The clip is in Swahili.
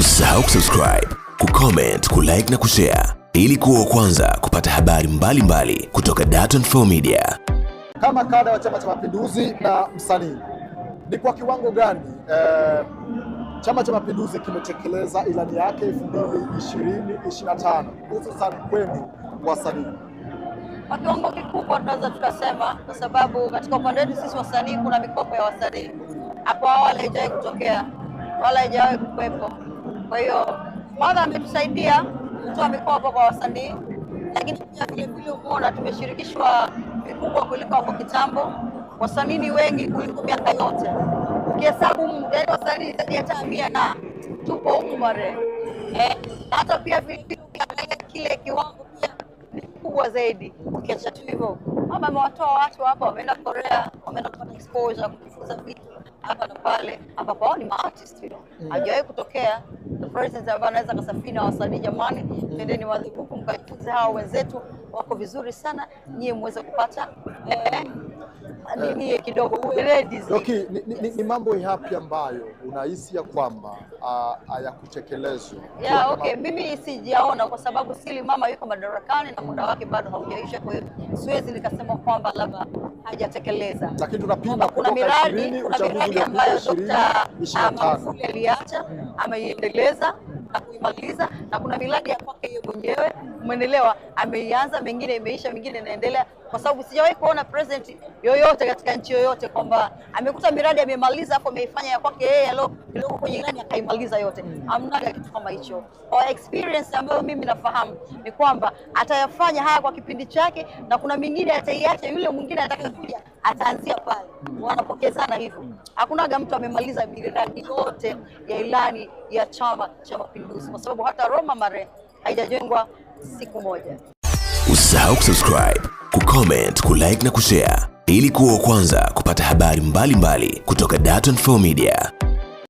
Usisahau kusubscribe, kucomment, kulike na kushare ili kuwa kwanza kupata habari mbalimbali mbali kutoka Dar24 Media. Kama kada wa Chama cha Mapinduzi na msanii, ni kwa kiwango gani eh, Chama cha Mapinduzi kimetekeleza ilani yake 2025 hususan kwenu wasanii? Kwa kiwango kikubwa tunaweza tukasema, kwa sababu katika upande wetu sisi wasanii kuna mikopo ya wasanii hapo awali haijawahi kutokea wala haijawahi kuwepo kwa hiyo kwanza amemsaidia kutoa mikopo kwa wasanii, lakini pia vilevile umeona tumeshirikishwa vikubwa kuliko hapo kitambo, wasanii ni wengi kuliko miaka yote ukihesabu mdai yaani wasanii zaidi ya mia na tupo umare eh, hata pia vilevile ukiangalia kile kiwango pia ni kubwa zaidi. Ukiacha tu hivyo, mama amewatoa watu hapo, wameenda Korea, wameenda kupata exposure, kujifunza vitu hapa na pale, ambapo wao ni maartist you know, mm. hajawahi kutokea the anaweza kasafiri na wasanii. Jamani, mm. tendeni wadhikuku mkajifunze, hawa wenzetu wako vizuri sana, mm. nyie muweze kupata Eh, eh, eh, kidogo okay, ni, ni, ni mambo yapi ambayo unahisi ya kwamba hayakutekelezwa? Yeah, okay. Mimi sijaona kwa sababu sili mama yuko madarakani na muda wake bado haujaisha, kwa hiyo siwezi nikasema kwamba labda hajatekeleza, lakini tunapima kuna miradi, kuna miradi ambayo Dkt. Magufuli aliacha ameiendeleza na kuimaliza, na kuna miradi ya kwake hiyo mwenyewe, umeelewa, ameianza, mengine imeisha, mengine inaendelea, kwa sababu sijawahi kuona president yoyote katika nchi yoyote kwamba amekuta miradi amemaliza, hapo ameifanya ya kwake yeye kidogo kwenye ilani akaimaliza yote. Hamnaga kitu kama hicho. Kwa experience ambayo mimi nafahamu ni kwamba atayafanya haya kwa kipindi chake, na kuna mingine ataiacha yule mwingine atakayokuja ataanzia pale, wanapokezana hivyo. Hakunaga mtu amemaliza miradi yote ya ilani ya Chama cha Mapinduzi, kwa sababu hata Roma Mare haijajengwa siku moja. Usisahau kusubscribe, kucomment, kulike na kushare ili kuwa wa kwanza kupata habari mbalimbali mbali kutoka Dar24 Media.